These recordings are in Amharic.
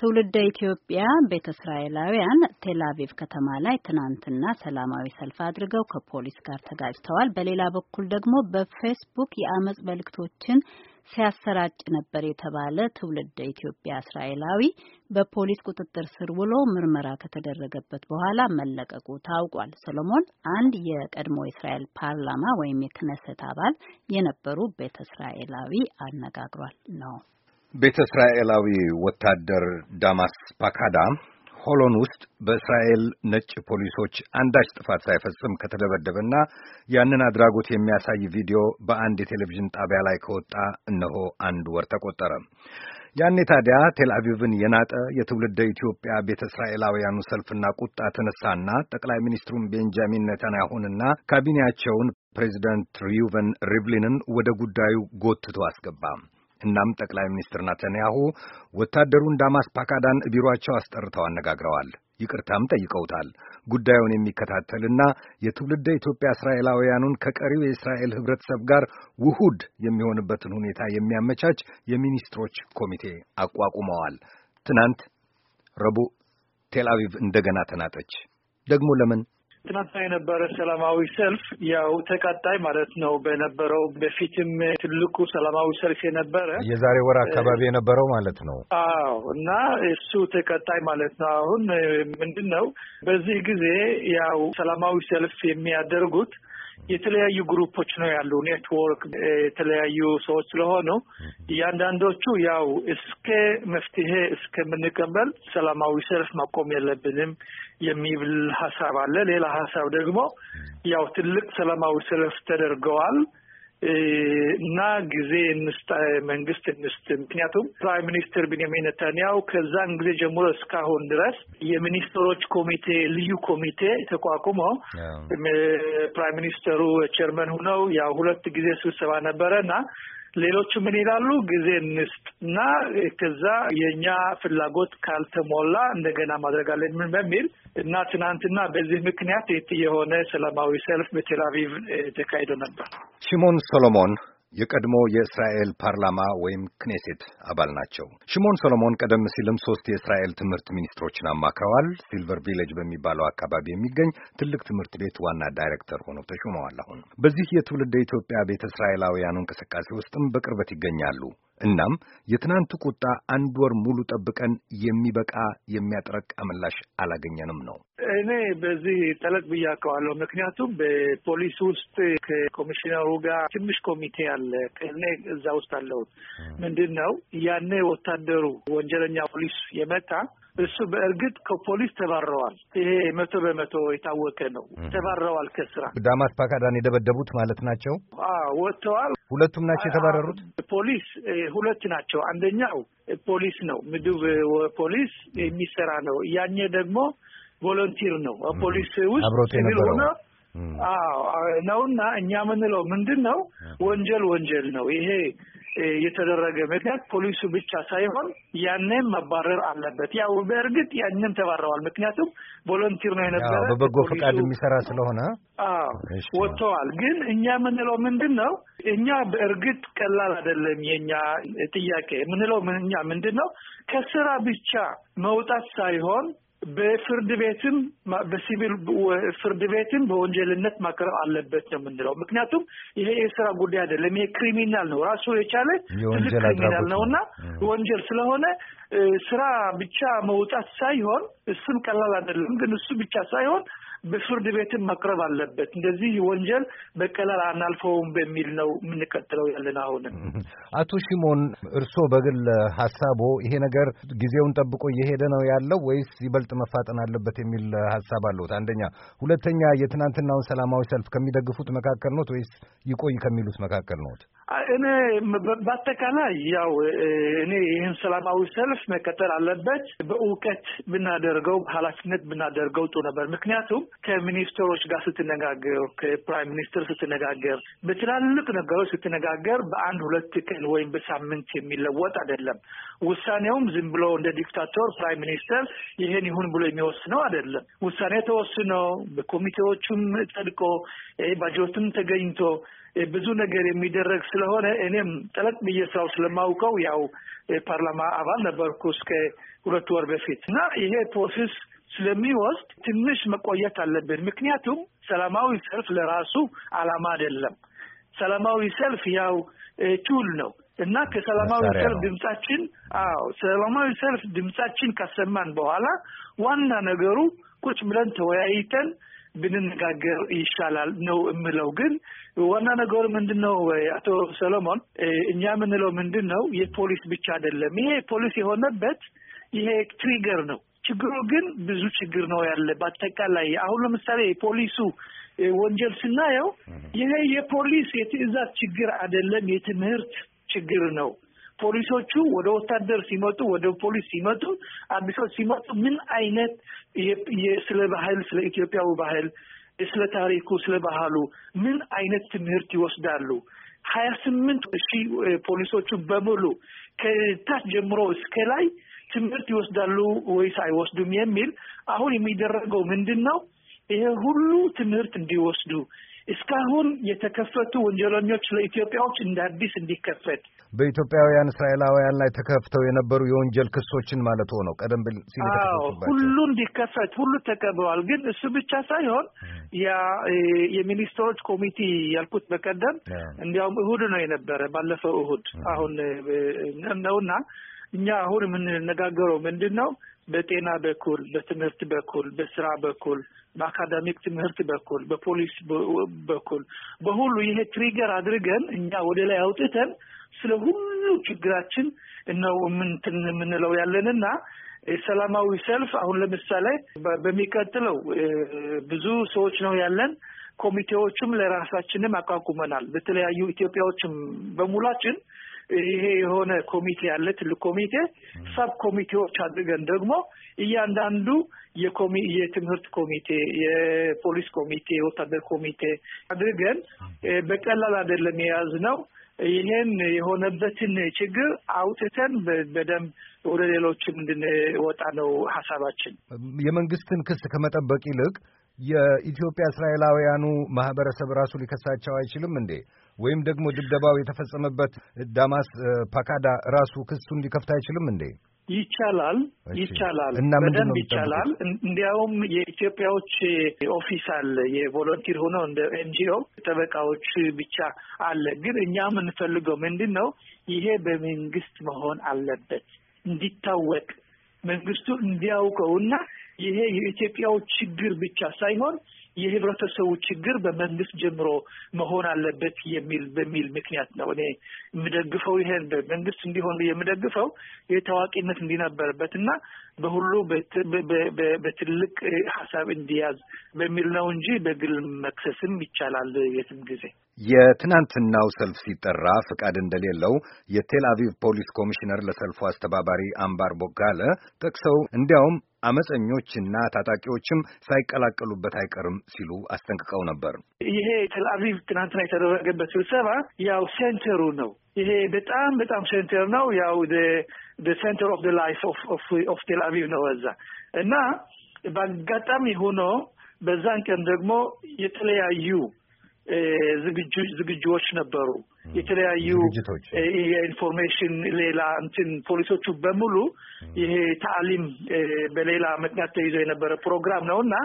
ትውልደ ኢትዮጵያ ቤተ እስራኤላውያን ቴል አቪቭ ከተማ ላይ ትናንትና ሰላማዊ ሰልፍ አድርገው ከፖሊስ ጋር ተጋጭተዋል። በሌላ በኩል ደግሞ በፌስቡክ የአመጽ መልእክቶችን ሲያሰራጭ ነበር የተባለ ትውልደ ኢትዮጵያ እስራኤላዊ በፖሊስ ቁጥጥር ስር ውሎ ምርመራ ከተደረገበት በኋላ መለቀቁ ታውቋል። ሰሎሞን አንድ የቀድሞ የእስራኤል ፓርላማ ወይም የክነሰት አባል የነበሩ ቤተ እስራኤላዊ አነጋግሯል ነው። ቤተ እስራኤላዊ ወታደር ዳማስ ፓካዳ ሆሎን ውስጥ በእስራኤል ነጭ ፖሊሶች አንዳች ጥፋት ሳይፈጽም ከተደበደበና ያንን አድራጎት የሚያሳይ ቪዲዮ በአንድ የቴሌቪዥን ጣቢያ ላይ ከወጣ እነሆ አንድ ወር ተቆጠረ። ያኔ ታዲያ ቴል አቪቭን የናጠ የትውልደ ኢትዮጵያ ቤተ እስራኤላውያኑ ሰልፍና ቁጣ ተነሳና ጠቅላይ ሚኒስትሩን ቤንጃሚን ኔታንያሁንና ካቢኔያቸውን ፕሬዚዳንት ሪዩቨን ሪቭሊንን ወደ ጉዳዩ ጎትቶ አስገባ። እናም ጠቅላይ ሚኒስትር ናተንያሁ ወታደሩን ዳማስ ፓካዳን ቢሮአቸው አስጠርተው አነጋግረዋል። ይቅርታም ጠይቀውታል። ጉዳዩን የሚከታተልና የትውልደ ኢትዮጵያ እስራኤላውያኑን ከቀሪው የእስራኤል ሕብረተሰብ ጋር ውሁድ የሚሆንበትን ሁኔታ የሚያመቻች የሚኒስትሮች ኮሚቴ አቋቁመዋል። ትናንት ረቡዕ ቴልአቪቭ እንደገና ተናጠች። ደግሞ ለምን? ትናንትና የነበረ ሰላማዊ ሰልፍ ያው ተቀጣይ ማለት ነው በነበረው በፊትም ትልቁ ሰላማዊ ሰልፍ የነበረ የዛሬ ወር አካባቢ የነበረው ማለት ነው። አዎ እና እሱ ተቀጣይ ማለት ነው። አሁን ምንድን ነው በዚህ ጊዜ ያው ሰላማዊ ሰልፍ የሚያደርጉት የተለያዩ ግሩፖች ነው ያሉ ኔትወርክ የተለያዩ ሰዎች ስለሆኑ እያንዳንዶቹ ያው እስከ መፍትሄ እስከምንቀበል ሰላማዊ ሰልፍ ማቆም የለብንም የሚብል ሀሳብ አለ። ሌላ ሀሳብ ደግሞ ያው ትልቅ ሰላማዊ ሰልፍ ተደርገዋል። እና ጊዜ መንግስት እንስጥ። ምክንያቱም ፕራይም ሚኒስትር ቢንያሚን ነታንያሁ ከዛን ጊዜ ጀምሮ እስካሁን ድረስ የሚኒስትሮች ኮሚቴ ልዩ ኮሚቴ ተቋቁሞ ፕራይም ሚኒስተሩ ቸርመን ሁነው ያው ሁለት ጊዜ ስብሰባ ነበረ እና ሌሎቹ ምን ይላሉ? ጊዜ እንስጥ እና ከዛ የእኛ ፍላጎት ካልተሞላ እንደገና ማድረግ ምን በሚል እና ትናንትና በዚህ ምክንያት የሆነ ሰላማዊ ሰልፍ በቴላቪቭ ተካሂዶ ነበር። ሽሞን ሶሎሞን የቀድሞ የእስራኤል ፓርላማ ወይም ክኔሴት አባል ናቸው። ሽሞን ሶሎሞን ቀደም ሲልም ሶስት የእስራኤል ትምህርት ሚኒስትሮችን አማክረዋል። ሲልቨር ቪሌጅ በሚባለው አካባቢ የሚገኝ ትልቅ ትምህርት ቤት ዋና ዳይሬክተር ሆነው ተሹመዋል። አሁን በዚህ የትውልድ ኢትዮጵያ ቤተ እስራኤላውያኑ እንቅስቃሴ ውስጥም በቅርበት ይገኛሉ። እናም የትናንቱ ቁጣ አንድ ወር ሙሉ ጠብቀን የሚበቃ የሚያጠረቃ ምላሽ አላገኘንም ነው። እኔ በዚህ ጠለቅ ብያከዋለሁ። ምክንያቱም በፖሊስ ውስጥ ከኮሚሽነሩ ጋር ትንሽ ኮሚቴ አለ። እኔ እዛ ውስጥ አለሁት። ምንድን ነው ያኔ ወታደሩ ወንጀለኛ ፖሊስ የመጣ እሱ በእርግጥ ከፖሊስ ተባረዋል። ይሄ መቶ በመቶ የታወቀ ነው። ተባረዋል ከስራ ዳማት ፓካዳን የደበደቡት ማለት ናቸው። ወጥተዋል። ሁለቱም ናቸው የተባረሩት። ፖሊስ ሁለት ናቸው። አንደኛው ፖሊስ ነው፣ ምድብ ፖሊስ የሚሰራ ነው። ያኘ ደግሞ ቮለንቲር ነው። ፖሊስ ውስጥ ሲቪል ሆነ ነውና እኛ ምንለው ምንድን ነው ወንጀል ወንጀል ነው ይሄ የተደረገ ምክንያት ፖሊሱ ብቻ ሳይሆን ያንን መባረር አለበት። ያው በእርግጥ ያንን ተባረዋል። ምክንያቱም ቮለንቲር ነው የነበረ በበጎ ፈቃድ የሚሰራ ስለሆነ ወጥተዋል። ግን እኛ የምንለው ምንድን ነው? እኛ በእርግጥ ቀላል አይደለም የኛ ጥያቄ የምንለው እኛ ምንድን ነው ከስራ ብቻ መውጣት ሳይሆን በፍርድ ቤትም በሲቪል ፍርድ ቤትም በወንጀልነት ማቅረብ አለበት ነው የምንለው። ምክንያቱም ይሄ የስራ ጉዳይ አይደለም፣ ይሄ ክሪሚናል ነው ራሱ የቻለ ትልቅ ክሪሚናል ነው እና ወንጀል ስለሆነ ስራ ብቻ መውጣት ሳይሆን እሱም ቀላል አይደለም፣ ግን እሱ ብቻ ሳይሆን በፍርድ ቤትም መቅረብ አለበት። እንደዚህ ወንጀል በቀላል አናልፈውም በሚል ነው የምንቀጥለው ያለን። አሁንም አቶ ሽሞን እርስዎ በግል ሀሳቦ ይሄ ነገር ጊዜውን ጠብቆ እየሄደ ነው ያለው ወይስ ይበልጥ መፋጠን አለበት የሚል ሀሳብ አለሁት? አንደኛ። ሁለተኛ የትናንትናውን ሰላማዊ ሰልፍ ከሚደግፉት መካከል ኖት ወይስ ይቆይ ከሚሉት መካከል ኖት? እኔ በአጠቃላይ ያው እኔ ይህን ሰላማዊ ሰልፍ መቀጠል አለበት። በእውቀት ብናደርገው ኃላፊነት ብናደርገው ጥሩ ነበር። ምክንያቱም ከሚኒስትሮች ጋር ስትነጋገር፣ ከፕራይም ሚኒስትር ስትነጋገር፣ በትላልቅ ነገሮች ስትነጋገር በአንድ ሁለት ቀን ወይም በሳምንት የሚለወጥ አይደለም። ውሳኔውም ዝም ብሎ እንደ ዲክታቶር ፕራይም ሚኒስተር ይሄን ይሁን ብሎ የሚወስነው አይደለም። ውሳኔ ተወስኖ በኮሚቴዎቹም ጸድቆ ባጀትም ተገኝቶ ብዙ ነገር የሚደረግ ስለሆነ እኔም ጠለቅ ብዬ ስራው ስለማውቀው ያው የፓርላማ አባል ነበርኩ እስከ ሁለት ወር በፊት እና ይሄ ፕሮሴስ ስለሚወስድ ትንሽ መቆየት አለብን። ምክንያቱም ሰላማዊ ሰልፍ ለራሱ አላማ አይደለም። ሰላማዊ ሰልፍ ያው ቱል ነው እና ከሰላማዊ ሰልፍ ድምጻችን አዎ ሰላማዊ ሰልፍ ድምጻችን ካሰማን በኋላ ዋና ነገሩ ቁጭ ብለን ተወያይተን ብንነጋገር ይሻላል ነው የምለው። ግን ዋና ነገሩ ምንድን ነው? አቶ ሰሎሞን እኛ የምንለው ምንድን ነው የፖሊስ ብቻ አይደለም። ይሄ ፖሊስ የሆነበት ይሄ ትሪገር ነው። ችግሩ ግን ብዙ ችግር ነው ያለ በአጠቃላይ አሁን ለምሳሌ ፖሊሱ ወንጀል ስናየው ይሄ የፖሊስ የትዕዛዝ ችግር አይደለም፣ የትምህርት ችግር ነው። ፖሊሶቹ ወደ ወታደር ሲመጡ፣ ወደ ፖሊስ ሲመጡ፣ አዲሶች ሲመጡ ምን አይነት ስለ ባህል፣ ስለ ኢትዮጵያዊ ባህል፣ ስለ ታሪኩ፣ ስለ ባህሉ ምን አይነት ትምህርት ይወስዳሉ? ሀያ ስምንት ሺህ ፖሊሶቹ በሙሉ ከታች ጀምሮ እስከ ላይ ትምህርት ይወስዳሉ ወይስ አይወስዱም የሚል አሁን የሚደረገው ምንድን ነው? ይሄ ሁሉ ትምህርት እንዲወስዱ እስካሁን የተከፈቱ ወንጀለኞች ለኢትዮጵያዎች እንደ አዲስ እንዲከፈት በኢትዮጵያውያን እስራኤላውያን ላይ ተከፍተው የነበሩ የወንጀል ክሶችን ማለት ሆነው ቀደም ብል ሲል ሁሉ እንዲከፈት ሁሉ ተቀብለዋል። ግን እሱ ብቻ ሳይሆን ያ የሚኒስትሮች ኮሚቴ ያልኩት በቀደም እንዲያውም እሁድ ነው የነበረ ባለፈው እሁድ አሁን ነውና እኛ አሁን የምንነጋገረው ምንድን ነው በጤና በኩል በትምህርት በኩል በስራ በኩል በአካዳሚክ ትምህርት በኩል በፖሊስ በኩል በሁሉ ይሄ ትሪገር አድርገን እኛ ወደ ላይ አውጥተን ስለ ሁሉ ችግራችን ነው የምንለው ያለንና ሰላማዊ ሰልፍ አሁን ለምሳሌ በሚቀጥለው ብዙ ሰዎች ነው ያለን። ኮሚቴዎችም ለራሳችንም አቋቁመናል። በተለያዩ ኢትዮጵያዎችም በሙላችን ይሄ የሆነ ኮሚቴ አለ፣ ትልቅ ኮሚቴ። ሰብ ኮሚቴዎች አድርገን ደግሞ እያንዳንዱ የትምህርት ኮሚቴ፣ የፖሊስ ኮሚቴ፣ የወታደር ኮሚቴ አድርገን በቀላል አይደለም የያዝነው። ይሄን የሆነበትን ችግር አውጥተን በደንብ ወደ ሌሎችም እንድንወጣ ነው ሀሳባችን። የመንግስትን ክስ ከመጠበቅ ይልቅ የኢትዮጵያ እስራኤላውያኑ ማህበረሰብ ራሱ ሊከሳቸው አይችልም እንዴ? ወይም ደግሞ ድብደባው የተፈጸመበት ዳማስ ፓካዳ ራሱ ክሱን ሊከፍት አይችልም እንዴ? ይቻላል፣ ይቻላል፣ በደንብ ይቻላል። እንዲያውም የኢትዮጵያዎች ኦፊስ አለ። የቮለንቲር ሆኖ እንደ ኤንጂኦ ጠበቃዎች ብቻ አለ። ግን እኛ የምንፈልገው ምንድን ነው? ይሄ በመንግስት መሆን አለበት እንዲታወቅ መንግስቱ እንዲያውቀውና ይሄ የኢትዮጵያው ችግር ብቻ ሳይሆን የህብረተሰቡ ችግር በመንግስት ጀምሮ መሆን አለበት የሚል በሚል ምክንያት ነው እኔ የምደግፈው። ይሄን በመንግስት እንዲሆን የምደግፈው ይህ ታዋቂነት እንዲነበርበት እና በሁሉ በትልቅ ሀሳብ እንዲያዝ በሚል ነው እንጂ በግል መክሰስም ይቻላል የትም ጊዜ። የትናንትናው ሰልፍ ሲጠራ ፍቃድ እንደሌለው የቴል አቪቭ ፖሊስ ኮሚሽነር ለሰልፉ አስተባባሪ አምባር ቦጋለ ጠቅሰው እንዲያውም አመፀኞችና ታጣቂዎችም ሳይቀላቀሉበት አይቀርም ሲሉ አስጠንቅቀው ነበር። ይሄ ቴልአቪቭ ትናንትና የተደረገበት ስብሰባ ያው ሴንተሩ ነው። ይሄ በጣም በጣም ሴንተር ነው። ያው ሴንተር ኦፍ ላይፍ ኦፍ ቴልአቪቭ ነው እዛ እና በአጋጣሚ ሆኖ በዛን ቀን ደግሞ የተለያዩ ዝግጅዎች ነበሩ። የተለያዩ የኢንፎርሜሽን ሌላ እንትን ፖሊሶቹ በሙሉ ይሄ ታዕሊም በሌላ ምክንያት ተይዞ የነበረ ፕሮግራም ነው እና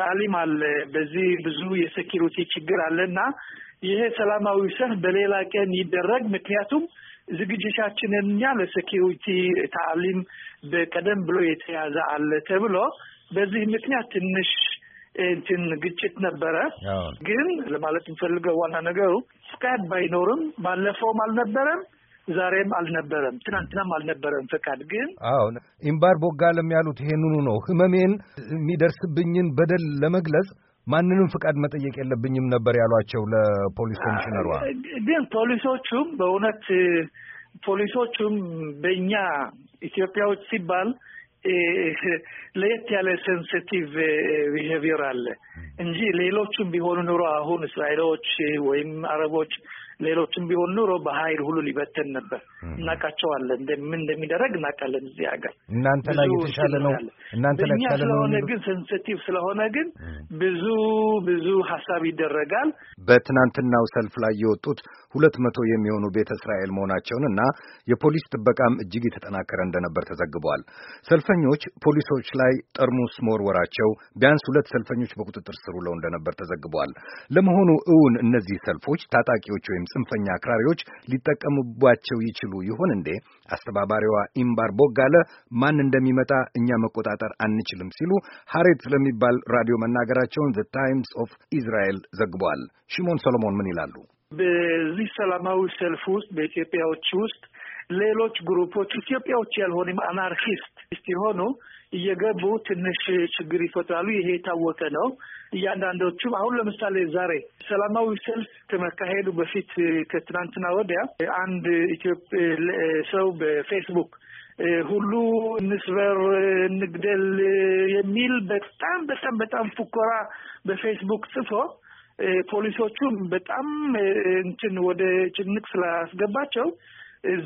ታዕሊም አለ። በዚህ ብዙ የሴኪሪቲ ችግር አለ እና ይሄ ሰላማዊ ሰልፍ በሌላ ቀን ይደረግ ምክንያቱም ዝግጅታችንን እኛ ለሴኪሪቲ ታዕሊም በቀደም ብሎ የተያዘ አለ ተብሎ በዚህ ምክንያት ትንሽ እንትን ግጭት ነበረ። ግን ለማለት የምፈልገው ዋና ነገሩ ፍቃድ ባይኖርም ባለፈውም አልነበረም ዛሬም አልነበረም፣ ትናንትናም አልነበረም። ፈቃድ ግን አሁን ኢምባር ቦጋለም ያሉት ይሄንኑ ነው። ህመሜን የሚደርስብኝን በደል ለመግለጽ ማንንም ፍቃድ መጠየቅ የለብኝም ነበር ያሏቸው ለፖሊስ ኮሚሽነሯ። ግን ፖሊሶቹም በእውነት ፖሊሶቹም በእኛ ኢትዮጵያዎች ሲባል ለየት ያለ ሴንሲቲቭ ቢሄቪየር eh, አለ እንጂ ሌሎቹም ቢሆኑ ኑሮ አሁን እስራኤሎች ወይም አረቦች ሌሎችም ቢሆኑ ኑሮ በሀይል ሁሉ ሊበተን ነበር። እናውቃቸዋለን። እንደምን እንደሚደረግ እናውቃለን። እዚህ ሀገር እናንተ ላይ የተሻለ ነው። እናንተ ላይ እኛ ስለሆነ ግን ሴንሲቲቭ ስለሆነ ግን ብዙ ብዙ ሀሳብ ይደረጋል። በትናንትናው ሰልፍ ላይ የወጡት ሁለት መቶ የሚሆኑ ቤተ እስራኤል መሆናቸውን እና የፖሊስ ጥበቃም እጅግ የተጠናከረ እንደነበር ተዘግቧል። ሰልፈኞች ፖሊሶች ላይ ጠርሙስ መወርወራቸው ቢያንስ ሁለት ሰልፈኞች በቁጥጥር ስር ውለው እንደነበር ተዘግቧል። ለመሆኑ እውን እነዚህ ሰልፎች ታጣቂዎች ወይም ጽንፈኛ አክራሪዎች ሊጠቀሙባቸው ይችሉ ይሆን እንዴ? አስተባባሪዋ ኢምባር ቦጋለ ማን እንደሚመጣ እኛ መቆጣጠር አንችልም ሲሉ ሀሬት ስለሚባል ራዲዮ መናገራቸውን ዘ ታይምስ ኦፍ ኢዝራኤል ዘግቧል። ሽሞን ሰሎሞን ምን ይላሉ? በዚህ ሰላማዊ ሰልፍ ውስጥ በኢትዮጵያዎች ውስጥ ሌሎች ግሩፖች ኢትዮጵያዎች ያልሆንም አናርኪስት ሲሆኑ እየገቡ ትንሽ ችግር ይፈጥራሉ። ይሄ የታወቀ ነው። እያንዳንዶቹ አሁን ለምሳሌ ዛሬ ሰላማዊ ሰልፍ ከመካሄዱ በፊት ከትናንትና ወዲያ አንድ ኢትዮጵያ ሰው በፌስቡክ ሁሉ እንስበር፣ እንግደል የሚል በጣም በጣም በጣም ፉኮራ በፌስቡክ ጽፎ ፖሊሶቹም በጣም እንትን ወደ ጭንቅ ስላስገባቸው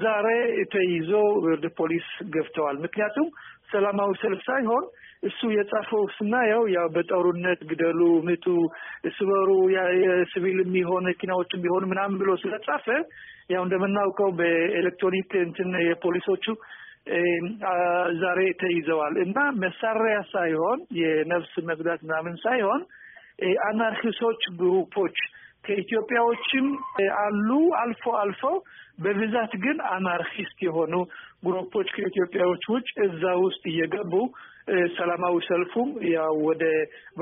ዛሬ ተይዞ ወደ ፖሊስ ገብተዋል። ምክንያቱም ሰላማዊ ሰልፍ ሳይሆን እሱ የጻፈው ስናየው ያው በጦርነት ግደሉ፣ ምቱ፣ ስበሩ የሲቪል የሚሆን መኪናዎች የሚሆን ምናምን ብሎ ስለጻፈ ያው እንደምናውቀው በኤሌክትሮኒክ እንትን የፖሊሶቹ ዛሬ ተይዘዋል እና መሳሪያ ሳይሆን የነፍስ መግዳት ምናምን ሳይሆን አናርኪሶች ግሩፖች ከኢትዮጵያዎችም አሉ። አልፎ አልፎ በብዛት ግን አናርኪስት የሆኑ ግሩፖች ከኢትዮጵያዎች ውጭ እዛ ውስጥ እየገቡ ሰላማዊ ሰልፉም ያው ወደ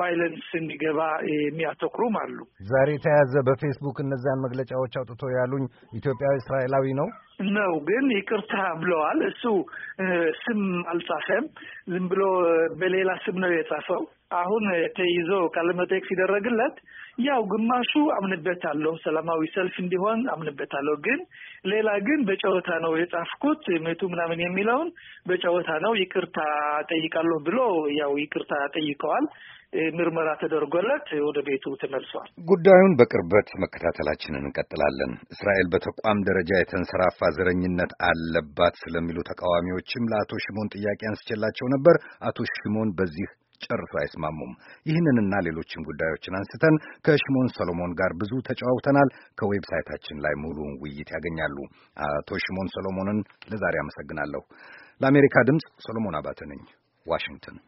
ቫይለንስ እንዲገባ የሚያተኩሩም አሉ። ዛሬ የተያዘ በፌስቡክ እነዚያን መግለጫዎች አውጥቶ ያሉኝ ኢትዮጵያዊ እስራኤላዊ ነው ነው ግን ይቅርታ ብለዋል። እሱ ስም አልጻፈም። ዝም ብሎ በሌላ ስም ነው የጻፈው። አሁን ተይዞ ቃለመጠይቅ ሲደረግለት ያው ግማሹ አምንበታለሁ፣ ሰላማዊ ሰልፍ እንዲሆን አምንበታለሁ፣ ግን ሌላ ግን በጨዋታ ነው የጻፍኩት ምቱ ምናምን የሚለውን በጨዋታ ነው ይቅርታ ጠይቃለሁ ነው ብሎ ያው ይቅርታ ጠይቀዋል። ምርመራ ተደርጎለት ወደ ቤቱ ተመልሷል። ጉዳዩን በቅርበት መከታተላችንን እንቀጥላለን። እስራኤል በተቋም ደረጃ የተንሰራፋ ዘረኝነት አለባት ስለሚሉ ተቃዋሚዎችም ለአቶ ሽሞን ጥያቄ አንስቼላቸው ነበር። አቶ ሽሞን በዚህ ጨርሶ አይስማሙም። ይህንንና ሌሎችን ጉዳዮችን አንስተን ከሽሞን ሰሎሞን ጋር ብዙ ተጨዋውተናል። ከዌብሳይታችን ላይ ሙሉውን ውይይት ያገኛሉ። አቶ ሽሞን ሰሎሞንን ለዛሬ አመሰግናለሁ። ለአሜሪካ ድምፅ ሰሎሞን አባተ ነኝ። Washington.